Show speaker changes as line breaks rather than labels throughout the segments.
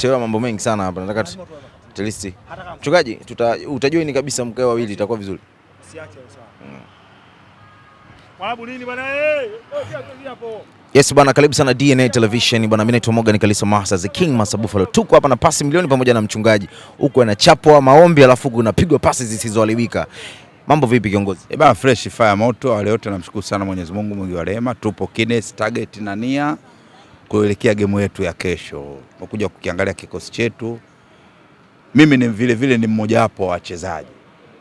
Tumechelewa mambo mengi sana hapa, nataka at mchungaji, utajua ni kabisa, mkae wawili, itakuwa vizuri. Mm. Yes bwana, karibu sana DNA Television bwana, mimi naitwa Morgan Kalisa Masa the King Masa Buffalo. Tuko hapa na pasi milioni pamoja na mchungaji, huku anachapwa maombi alafu kunapigwa pasi zisizoeleweka. Mambo vipi kiongozi?
Eh bwana, fresh fire moto. Wale wote namshukuru sana Mwenyezi Mungu mwingi wa rehema, tupo kines target na nia kuelekea gemu yetu ya kesho. Tumekuja kukiangalia kikosi chetu. Mimi ni vile vile ni mmoja wapo wa wachezaji,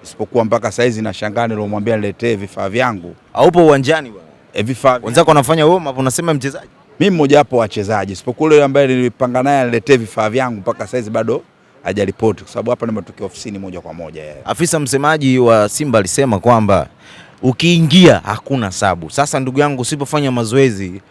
isipokuwa mpaka saa hizi nashangaa nilomwambia niletee vifaa vyangu,
haupo uwanjani bwana. E, vifaa wenzako wanafanya wao hapo, unasema mchezaji.
Mimi mmoja wapo wa wachezaji, isipokuwa yule ambaye nilipanga naye niletee vifaa vyangu, mpaka saa hizi bado hajaripoti, kwa sababu hapa nimetokea ofisini moja kwa moja yeye. Eh.
Afisa msemaji wa Simba alisema kwamba ukiingia hakuna sabu. Sasa ndugu yangu, usipofanya mazoezi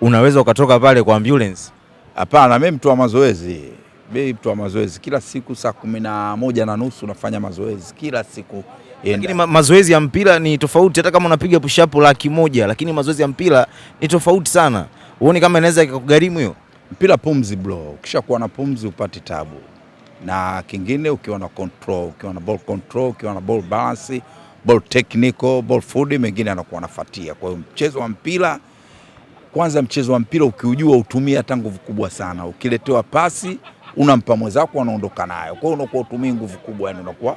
unaweza ukatoka pale kwa ambulance?
Hapana, mimi mtu wa mazoezi, mimi mtu wa mazoezi kila siku saa kumi na moja na nusu nafanya mazoezi kila siku.
Lakini ma mazoezi ya mpira ni tofauti, hata kama unapiga push up laki moja, lakini mazoezi ya mpira ni tofauti sana. Uone kama inaweza ikakugharimu hiyo
mpira. Pumzi bro, ukishakuwa na pumzi upati tabu, na kingine ukiwa na control, ukiwa na ball control, ukiwa na ball balance, ball technical, ball food, mengine anakuwa anafuatia. Kwa hiyo mchezo wa mpira kwanza mchezo wa mpira ukiujua utumie hata nguvu kubwa sana. Ukiletewa pasi unampa mwenzako, anaondoka nayo, kwa hiyo unakuwa utumii nguvu kubwa, yani unakuwa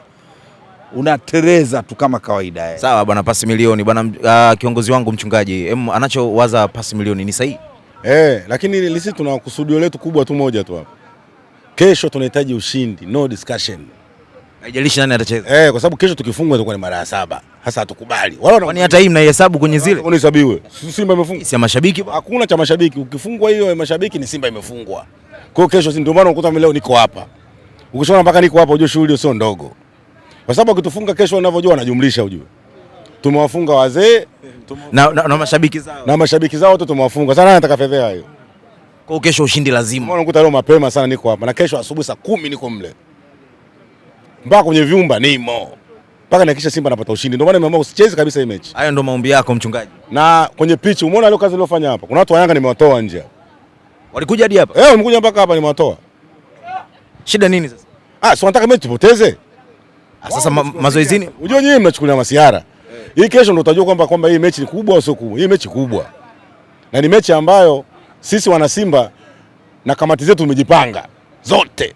unatereza tu kama kawaida eh.
Sawa bwana, pasi milioni bwana. Uh, kiongozi wangu mchungaji em, anachowaza pasi milioni ni sahihi
eh, lakini lisi tuna kusudio letu kubwa tu moja tu hapa, kesho tunahitaji ushindi, no discussion,
haijalishi nani atacheza
eh, kwa sababu kesho tukifungwa itakuwa ni mara ya saba. Sasa hatukubali.
Wao kwani hata hii mnaihesabu kwenye zile?
Kwani hesabiwe.
Simba imefungwa. Si mashabiki.
Hakuna cha mashabiki. Ukifungwa hiyo ya mashabiki ni Simba imefungwa. Kwa hiyo kesho ndio maana unakuta mimi leo niko hapa. Ukishona mpaka niko hapa ujue shughuli sio ndogo. Kwa sababu ukitufunga kesho wanavyojua wanajumlisha ujue. Tumewafunga wazee
na, na, na mashabiki zao.
Na mashabiki zao wote tumewafunga. Sasa nani atakafedhea hiyo?
Kwa kesho ushindi lazima.
Mbona unakuta leo mapema sana niko hapa na kesho asubuhi saa kumi niko mle. Mpaka kwenye vyumba nimo mpaka nihakikisha Simba anapata ushindi. Ndio maana nimeamua usicheze kabisa hii mechi.
Hayo ndio maombi yako mchungaji.
Na kwenye pitch umeona leo kazi niliyofanya hapa. Kuna watu wa Yanga nimewatoa nje hapa. Walikuja hadi hapa? Eh, wamekuja mpaka hapa nimewatoa. Shida nini sasa? Ah, si wanataka mechi tupoteze.
Ah, sasa ma mazoezini.
Unajua nyinyi mnachukulia masiara. Hii kesho ndio utajua kwamba kwamba hii mechi ni kubwa au sio kubwa. Hii mechi kubwa. Na ni mechi ambayo sisi wana Simba na kamati zetu tumejipanga zote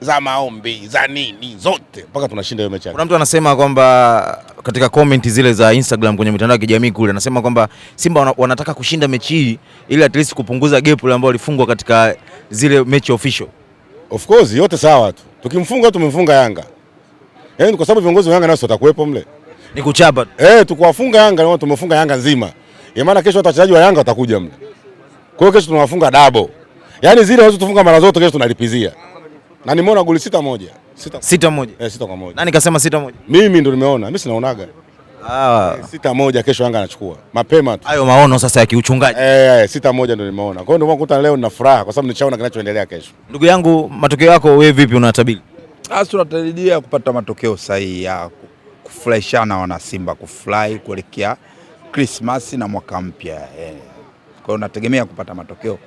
za maombi za nini zote mpaka tunashinda hiyo mechi. Kuna
mtu anasema kwamba katika comment zile za Instagram kwenye mitandao ya kijamii kule, anasema kwamba Simba wanataka kushinda mechi hii ili at least kupunguza gap ile ambayo walifungwa katika zile mechi official.
Of course yote sawa tu, tukimfunga tumemfunga Yanga, yaani kwa sababu viongozi wa Yanga nao watakuwepo mle, ni kuchapa eh, tukuwafunga Yanga na tumefunga Yanga nzima, ya maana kesho hata wachezaji wa Yanga watakuja mle, kwa hiyo kesho tunawafunga double, yaani zile wazo tufunga mara zote kesho tunalipizia na nimeona goli sita moja.
Sita, sita moja. Eh, sita kwa moja. Nani kasema sita moja?
Mimi ndo nimeona. Mimi sinaonaga. Ah. Eh, sita moja kesho Yanga anachukua. Mapema
tu. Hayo maono sasa ya kiuchungaji.
Eh, eh, sita moja ndo nimeona. Kwa hiyo ndio nakuta leo nina furaha kwa sababu nishaona kinachoendelea kesho.
Ndugu yangu, matokeo yako wewe vipi unatabiri?
Ah, sasa tunatarajia kupata matokeo sahihi ya kufurahishana wana Simba, kufurahi kuelekea Krismasi na mwaka mpya. Eh. Kwa hiyo nategemea kupata matokeo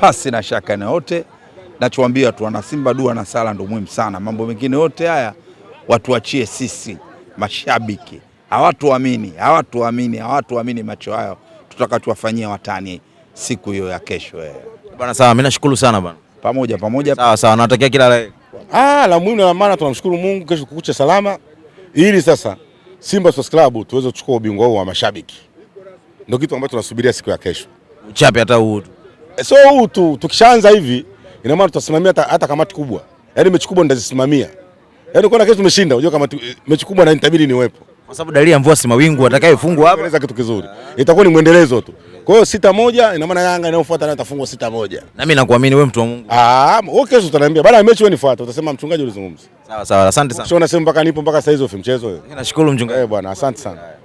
pasi na shaka yoyote nachoambia tu wana Simba dua na sala ndio muhimu sana. Mambo mengine yote haya watuachie sisi mashabiki. Hawatuamini, hawatuamini, hawatuamini macho hayo tutakachowafanyia watani siku hiyo ya kesho. Eh.
Bwana sawa, mimi nashukuru sana bwana.
Pamoja pamoja.
Sawa sawa, natakia kila la
ah, la muhimu na la maana. Tunamshukuru Mungu, kesho kukucha salama, ili sasa Simba Sports Club tuweze kuchukua ubingwa huu wa mashabiki, ndio kitu ambacho tunasubiria siku ya kesho.
Uchape hata huu tu,
eh, so huu tu tukishaanza hivi Ina maana tutasimamia hata kamati kubwa. Yaani mechi kubwa ndazisimamia. Yaani kwa na kesho tumeshinda, unajua kama eh, mechi kubwa na nitabidi niwepo.
Kwa sababu dalili ya mvua si mawingu atakayefungwa hapa.
Inaweza kitu kizuri. Itakuwa ni mwendelezo tu. Kwa hiyo sita moja ina maana Yanga inayofuata nayo itafungwa sita moja.
Na mimi nakuamini wewe mtu wa Mungu.
Ah, wewe kesho utaniambia baada ya mechi wewe nifuata, utasema mchungaji ulizungumza.
Sawa sawa, asante sana.
Sio unasema mpaka nipo mpaka saa hizo mchezo wewe.
Nashukuru mchungaji.
Eh, bwana, asante sana.